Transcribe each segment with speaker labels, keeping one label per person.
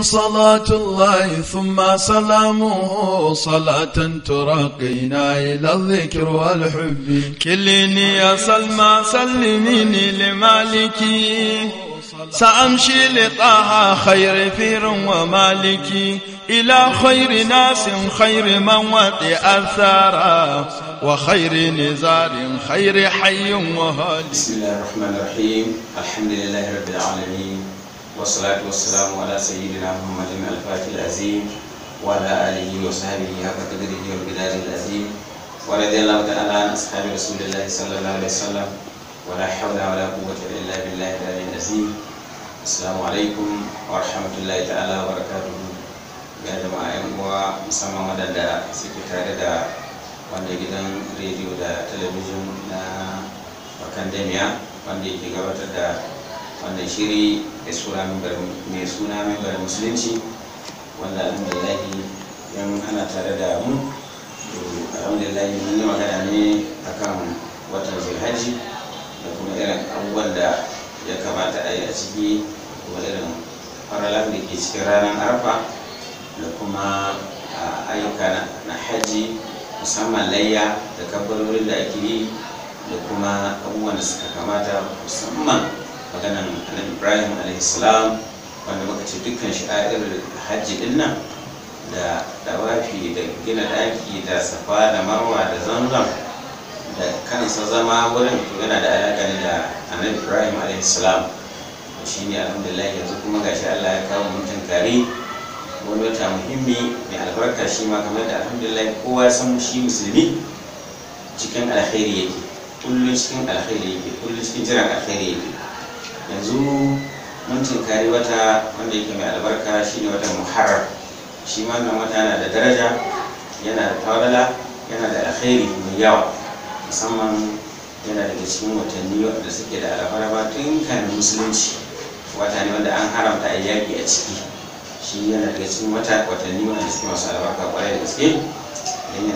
Speaker 1: صلاة الله ثم سلامه صلاة ترقينا إلى الذكر والحب كليني يا سلمى سلميني لمالكي سأمشي لطه خير فير ومالكي إلى خير ناس خير من وطئ أثارا وخير نزار خير حي وهالي بسم الله الرحمن الرحيم الحمد لله رب العالمين والصلاة والسلام على سيدنا محمد الفاتح العزيم وعلى آله وصحبه حق قدره وبلاده العظيم ورضي الله تعالى عن أصحاب رسول الله صلى الله عليه وسلم ولا حول ولا قوة إلا بالله العلي العظيم السلام عليكم ورحمة الله تعالى وبركاته ga jama'a yan uwa musamman waɗanda suke tare da wanda gidan rediyo da talabijin na bakandamiya wanda yake gabatar da wannan shiri mai suna mimbar musulunci wanda alhamdulahi yan ana tare da mu alhamdulahi mun yi magana ne akan watan zulhaji da kuma irin abubuwan da ya kamata a yi a ciki kuma irin faralar da ke cikin ranar arfa da kuma ayyuka na haji musamman layya da kabbarorin da ake yi da kuma abubuwan da suka kamata musamman maganan annabi ibrahim alaihissalam wanda muka ce dukkan sha'irar hajji din nan da dawafi da gina daki da safa da marwa da zanzan da kansa zama wurin to yana da alaƙa ne da annabi ibrahim alaihissalam shi ne alhamdulillah yanzu kuma gashi allah ya kawo mutum kare wani wata muhimmi mai albarka shi ma kamar da alhamdulillah kowa san shi musulmi cikin alkhairi yake kullum cikin alkhairi yake kullum cikin jiran alkhairi yake yanzu mun tinkari wata wanda yake mai albarka shine watan muharar shi wannan wata yana da daraja yana da tawala yana da alkhairi mai yawa musamman yana daga cikin watanni wanda suke da alfarma tun kan musulunci wata ne wanda an haramta a yaƙi a ciki shi yana daga cikin wata watanni wanda suke masu albarka kwarai da gaske yana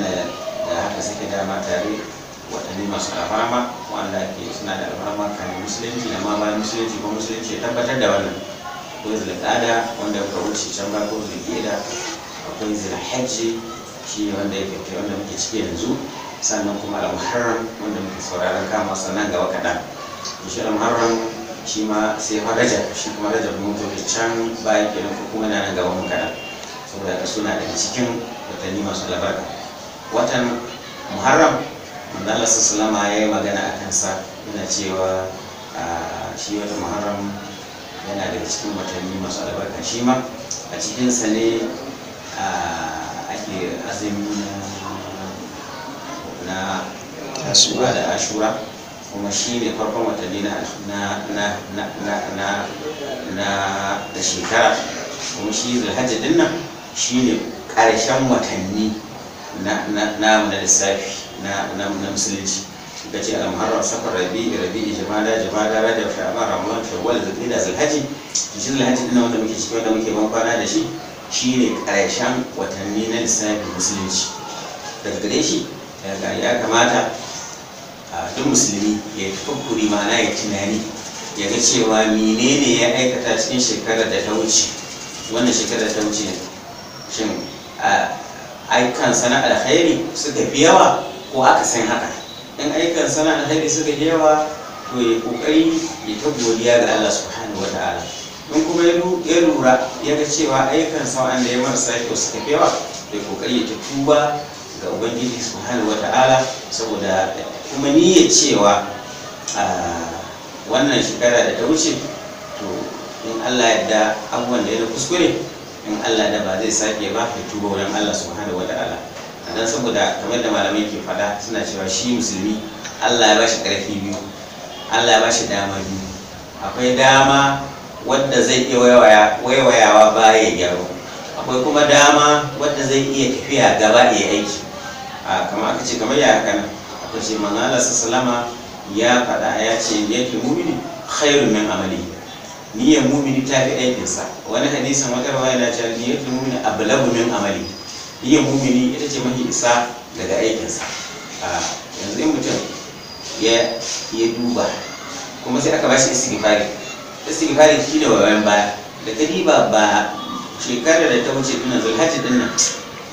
Speaker 1: da haka suke dama tare watanni masu alfarma wanda ke suna da alfarma kan musulunci da ma musulunci ko musulunci ya tabbatar da wannan akwai tsada wanda ka wuce can ba ko zulqada akwai hajji shi ne wanda ya kai wanda muke ciki yanzu sannan kuma al-muharram wanda muke sauraron kama sannan gaba kaɗan shi al-muharram shi ma sai faraja. shi kuma rajab mun ke can baya kenan ko kuma nan gaba mun kaɗan saboda suna daga cikin watanni masu albarka watan muharram su salama ya yi magana a kansa yana cewa ah, shi wata muharram yana daga cikin watanni masu albarka shi ma a cikinsa ne ah, ake azumi na asura da ashura kuma shi ne farkon watanni na da shekara kuma shi zulhajji hajji nan shi ne ƙarshen watanni na na lissafi na musulunci da ce al-muharram safar rabi'i rabi'i jumada jumada rajab sha'ban ramadan shawwal zulhijja zulhaji to shi Hajji din wanda muke cikin wanda muke ban kwana da shi shine karshen watanni na lissafin musulunci daga gare shi ya kamata duk musulmi ya tukuri ma'ana ya tunani ya ga cewa menene ya aikata cikin shekarar da ta wuce wannan shekarar ta wuce shin ayyukan sana'ar alkhairi suka fi yawa ko aka san haka in aikan sana da haɗe suka yawa to ya kokari ya ta godiya ga Allah subhanahu wa ta'ala in kuma ya lura ya ga cewa ayyukan sa wanda ya marasa kyau suka yawa ya kokari ya ta tuba ga ubangiji subhanahu wa ta'ala saboda kuma ni ya cewa wannan shekara da ta wuce to in Allah ya da abubuwan da ya kuskure in Allah da ba zai sake ba ya tuba wurin Allah subhanahu wa ta'ala dan saboda kamar da malamai ke fada suna cewa shi musulmi Allah ya bashi karfi biyu Allah ya bashi dama biyu akwai dama wanda zai iya waiwayawa baya gyaro akwai kuma dama wanda zai iya tafiya gaba ya aiki a kamar aka ce kamar ya kana aka ce manzala salama ya faɗa ya ce yake mumini khairun min amali niyyar mumini ta fi aikinsa wani hadisin wata rawaya na cewa niyyar mumini ablagu min amali iya mumini ita ce mafi isa daga aikinsa yanzu in mutum ya duba kuma sai aka bashi istighfari istighfari shi ne wayan baya da ta riba ba shekarar da ta wuce dinnan zulhaji dinnan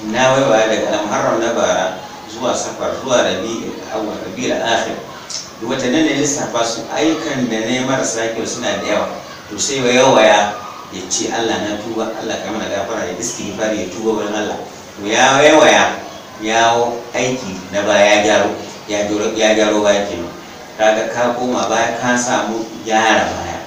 Speaker 1: na waiwa daga almuharram na bara zuwa safar zuwa rabi awwal rabi'ul akhir watannin da lissafa su ayyukan da ne marasa kyau suna da yawa to sai waya ya ce Allah na tuba Allah kamar da gafara ya istighfar ya tuba wurin Allah ya waya ya aiki na baya ya gyaro ya baya kenan kaga ka koma baya ka samu gyara baya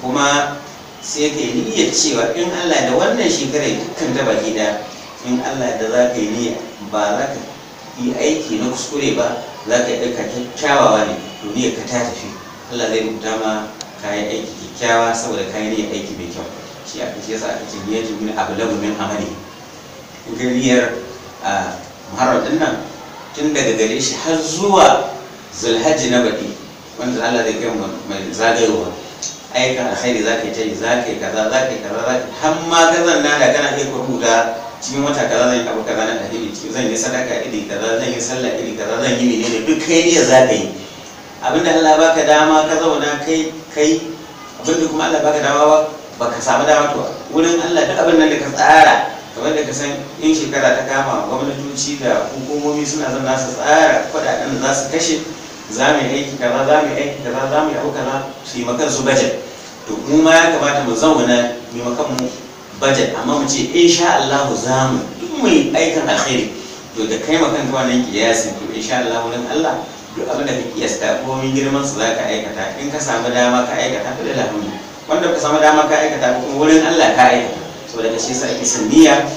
Speaker 1: kuma sai ka yi niyyar cewa in Allah da wannan shekarar dukkan ta baki da in Allah da za ka yi niyya ba za ka yi aiki na kuskure ba za ka yi ɗauka kyakkyawa ne duniya ka ta tafi Allah zai rubuta ma yi aiki kyakkyawa saboda kayan niyyar aiki mai kyau shi a ce yasa aka ce niyyar jimin abu lagu amali ga niyyar maharautun nan tun daga gare shi har zuwa zulhajji na baɗi wanda Allah zai kai mai zagayowa aikin alkhairi za ka yi ta yi za ka yi kaza za ka yi kaza za ka yi har ma ka zanna da kana iya kurkuta cikin wata kaza zan yi abu kaza na ɗari cikin zan yi sadaka iri kaza zan yi sallah iri kaza zan yi menene duk kai ne za ka yi abinda Allah baka dama ka zauna kai kai abinda kuma Allah baka dama ba ka samu dama to wurin Allah duk abin nan da ka tsara kamar da ka san in shekara ta kama gwamnatoci da hukumomi suna zan nasu tsara kudaden da za su kashe za mu yi aiki kaza za mu yi aiki kaza za mu yi aiki kaza su yi makan su budget to mu ma ya kamata mu zauna mu makan mu budget amma mu ce insha Allah za mu duk mu yi aikin alkhairi to da kai makan ka wannan kiyasin to insha Allah wurin Allah duk abin da ka kiyasta komai girman su za ka aikata in ka samu dama ka aikata to da lafiya wanda ka samu dama ka aikata kuma wurin Allah ka aikata so daga shi sa ake son niyya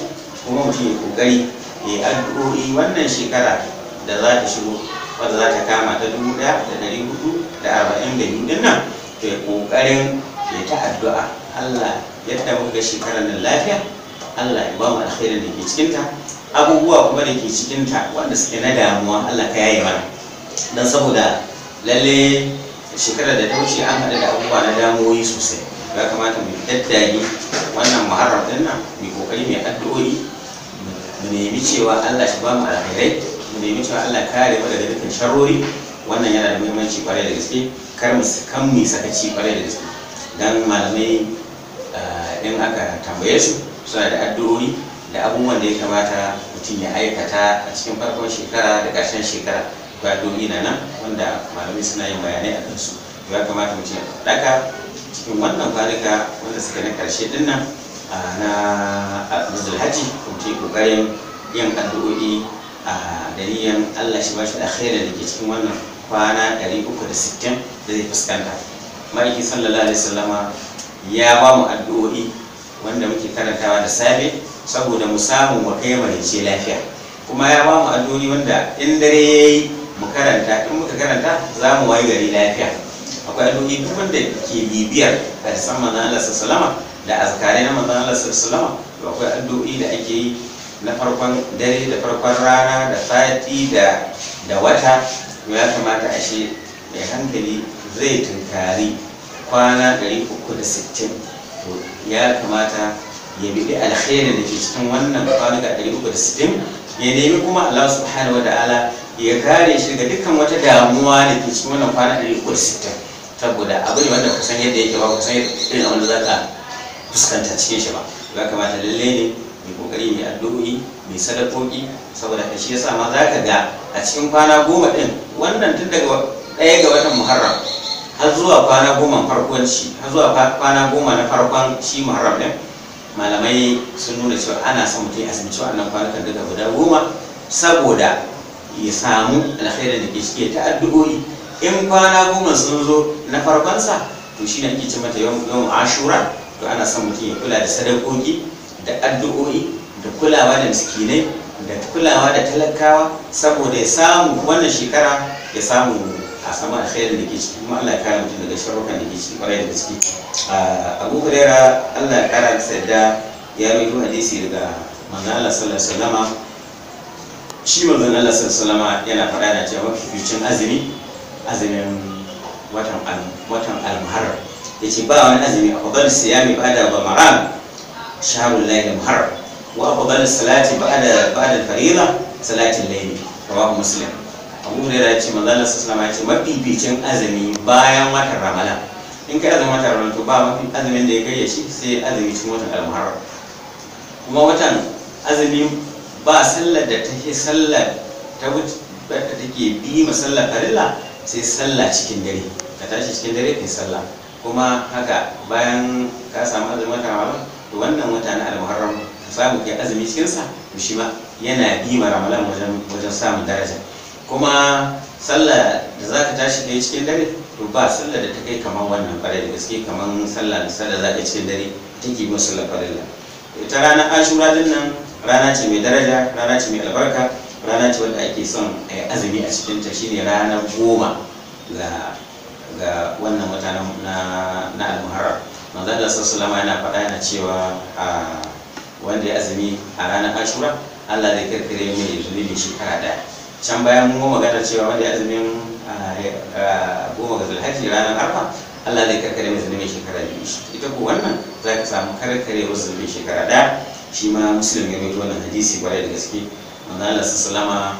Speaker 1: kuma mutum ya kokari ya yi addu'o'i wannan shekara da za ta shigo wadda za ta kama ta dubu ɗaya da ɗari hudu da arba'in da biyu din nan to ya kokarin ya ta addu'a Allah yadda muka ga shekarar nan lafiya Allah ya ba mu alkhairin da ke cikinta abubuwa kuma da ke cikinta wanda suke na damuwa Allah ka yaye mana dan saboda lalle shekarar da ta wuce an haɗu da abubuwa na damuwoyi sosai ya kamata mu daddage wannan muharram din nan mai kokari mai addu'o'i mu nemi cewa Allah shi ba mu alkhairai mu nemi cewa Allah kare mu daga dukkan sharrori wannan yana da muhimmanci kwarai da gaske kar mu kan mu sakaci kwarai da gaske dan malamai eh, in aka tambaye su suna da addu'o'i da abubuwan da ya kamata mutum ya aikata a cikin farkon shekara da ƙarshen shekara ba addu'o'i na nan wanda malamai suna yin bayanai a kansu ya kamata mutum ya daka cikin wannan kwanuka wanda suke na karshe din nan na zulhaji kuma ta kokarin yin addu'o'i a dariyan allah shi bashi da khairar da ke cikin wannan kwana 360 da zai fuskanta ma'aiki sallallahu alaihi sallama ya ba mu addu'o'i wanda muke karantawa da safe saboda mu samu mu kai marice lafiya kuma ya ba mu addu'o'i wanda in dare ya yi mu karanta in muka karanta za mu wayi gari lafiya akwai addu'o'i duban da ke bibiyar hadisan na Allah sallama da azkari na manzon Allah sallama to akwai addu'o'i da ake yi na farkon dare da farkon rana da sati da da wata to ya kamata ashe mai hankali zai tunkari kwana 360 to ya kamata ya bi al'khairi da ke cikin wannan kwanuka 360 ya nemi kuma Allah subhanahu wa ta'ala ya kare shi daga dukkan wata damuwa da ke cikin wannan kwana 360 saboda abu ne wanda kusan yadda yake ba kusan irin abin da za ka fuskanta cikin shi ba ya kamata lalle ne mai kokari mai addu'o'i mai sadakoki saboda ka shi yasa ma za ka ga a cikin kwana goma din wannan tun daga ɗaya ga watan muharram har zuwa kwana goma farkon shi har zuwa kwana goma na farkon shi muharram din malamai sun nuna cewa ana son mutum ya asibiti wannan kwanakan daga guda goma saboda ya samu alkhairin da ke shi ta addu'o'i in kwana goma sun zo na farkonsa to shi ne ake ce mata yawan ashura to ana son mutum ya kula da sadakoki da addu'o'i da kulawa da miskinai da kulawa da talakawa saboda ya samu wannan shekara ya samu a sama alkhairin da ke ciki kuma Allah ya kare mutum daga sharrukan da ke ciki kwarai da ciki Abu Huraira Allah ya kara da yadda ya rawaito hadisi daga manzon Allah sallallahu alaihi shi manzon Allah sallallahu alaihi yana faɗa da cewa fifcin azumi azumin watan watan almuharram yace ba wani azumi afdal siyami ba ba'da ramadan shahrul layl muharram wa afdal salati ba'da ba'da farida salatin layl rawahu muslim abu hurairah yace manzo Allah sallallahu alaihi wasallam yace mafificin azumi bayan watan ramadan in kai azumin watan ramadan to ba mafi azumin da ya kai shi sai azumi cikin watan almuharram kuma watan azumi ba sallar da take sallar ta wuce da take bi masallar farilla sai sallah cikin dare ka tashi cikin dare kai sallah kuma haka bayan ka samu azumin wata ramadan to wannan wata na almuharram ka samu kai azumi cikin sa to shi ma yana bi ma ramadan wajen wajen samun daraja kuma sallah da zaka tashi kai cikin dare to ba sallah da ta kai kamar wannan fara da gaske kamar sallah da sallah zaka cikin dare take bi sallah farilla ita rana ashura din nan rana ce mai daraja rana ce mai albarka rana ce wanda ake son a azumi a cikinta shine ranar goma ga ga wannan wata na na almuharram manzo da sallallahu yana faɗa yana cewa a wanda ya azumi a ranar ashura Allah zai kirkire mai zunubi shekara ɗaya can bayan mun magana cewa wanda ya azumi goma ga zulhaji ranar arfa Allah zai kirkire mai zunubi shekara biyu ita ko wannan za ka samu karkare mai zunubi shekara ɗaya shi ma musulmi ya mai wannan hadisi kwarai da gaske manzala sallama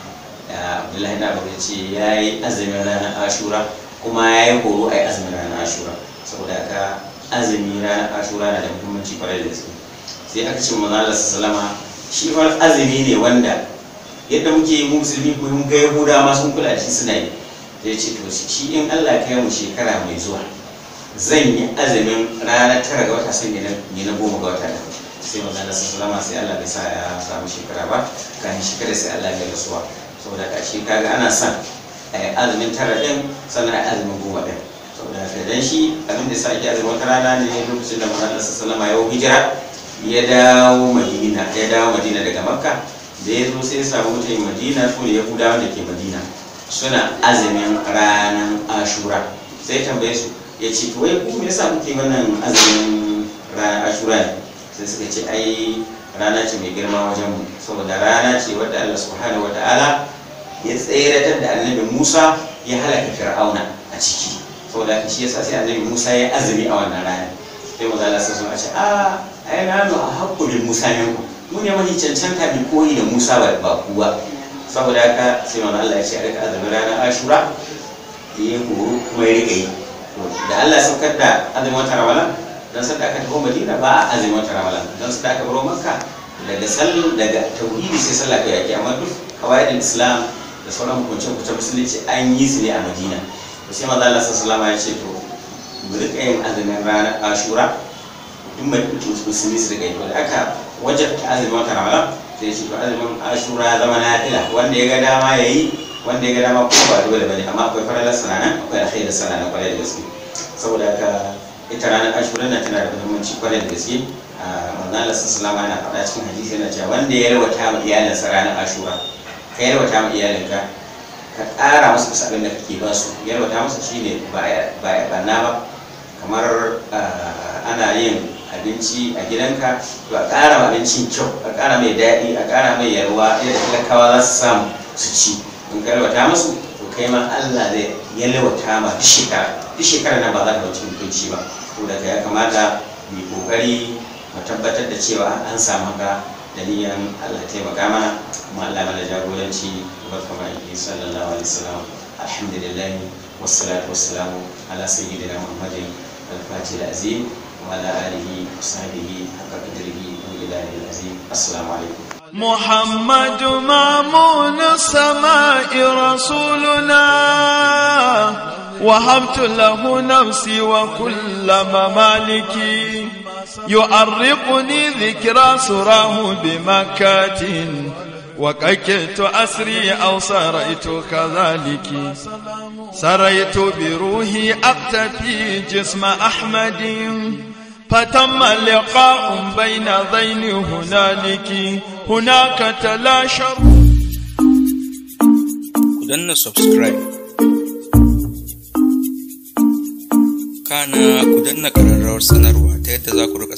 Speaker 1: da abdullahi da abu ce ya yi azumin ranar ashura kuma ya yi horo a yi azumin ranar ashura saboda ka azumi ranar ashura na da muhimmanci kwarai da gaske sai aka ce manzala sallama shi ma azumi ne wanda yadda muke yi musulmi ko mun ga yahuda ma sun kula shi suna yi zai ce to shi in allah ka yi mu shekara mai zuwa zan yi azumin ranar tara ga wata sanya na goma ga wata da sai magana sun sulama sai Allah bai sa ya samu shekara ba kan shekara sai Allah bai rasuwa saboda ka shi kaga ana son a yi azumin tara ɗin sannan a yi azumin goma ɗin saboda ka dan shi abin da sa ake azumin wata rana ne lokacin da manzon sun sulama ya hijira ya dawo madina ya dawo madina daga makka da ya zo sai ya samu mutane madina su ne yahudawa wanda ke madina suna azumin ranar ashura sai ya tambaye su ya ce to wai ku me yasa kuke wannan azumin ranar ashura ne sai suka ce ai rana ce mai girma wajen mu saboda rana ce wadda Allah subhanahu wa ta'ala ya tseratar da annabi Musa ya halaka fir'auna a ciki saboda haka shi yasa sai annabi Musa ya azumi a wannan rana sai maza Allah a ce a ah, ai rana a haƙƙo bil Musa ne ku mu ne mai cancanta bi koyi da Musa ba ba ku saboda haka sai maza Allah ya ce a rika azumin ranar Ashura ya yi horo kuma ya rika yi da Allah saukar da azumin wata Ramadan dan da aka tafi madina ba a azumin wata ramadan dan da aka baro makka daga sallu daga tauhidi sai sallah kai yake amma duk kawaidin islam da sauran hukunce hukunce musulunci an yi su ne a madina to sai manzo Allah sallallahu alaihi ya ce to mu rika yin azumin ranar ashura duk mai musulmi su rika yi to da aka ta azumin wata ramalan sai shi to azumin ashura ya zama nafila wanda ya ga dama ya yi wanda ya ga dama kuma ba dole bane amma akwai faralar sananan akwai alkhairar na kwarai da gaske saboda haka ita ranar ashirin na tana da muhimmanci kwarai da gaske a ah, wannan sallallahu alaihi na faɗa cikin hadisi yana cewa wanda ya rawata ma iyalinsa ranar ashura ka rawata ma iyalinka ka ƙara musu kusa abin da kake ba su ya yarwata musu ne ba ya ɓanna ba kamar ah, ana yin abinci a gidanka to a ƙara abincin kyau a kara mai daɗi a kara mai yarwa yadda talakawa za su samu su ci in ka rawata musu to kai ma Allah zai yalwata ma shi shekara duk shekarar nan ba za ta wuce mutunci ba ta ya kamata mu kokari mu tabbatar da cewa an samu ga da niyan Allah taimaka mana kuma Allah mana jagoranci barka mai sallallahu alaihi wasallam alhamdulillah wassalatu wassalamu ala sayyidina muhammadin al-fatih al-azim wa ala alihi wa sahbihi haqqa qadrihi wa ilahi al-azim assalamu alaikum محمد مامون سماء رسولنا وهبت له نفسي وكل ممالكي يؤرقني ذكرى سراه بمكات وككت أسري أو سريت كذلك سريت بروحي أقتفي جسم أحمد فتم لقاء بين ذين هنالك هناك تلاشى ku subscribe kana ku danna ƙararrawar sanarwa ta yadda za ku rika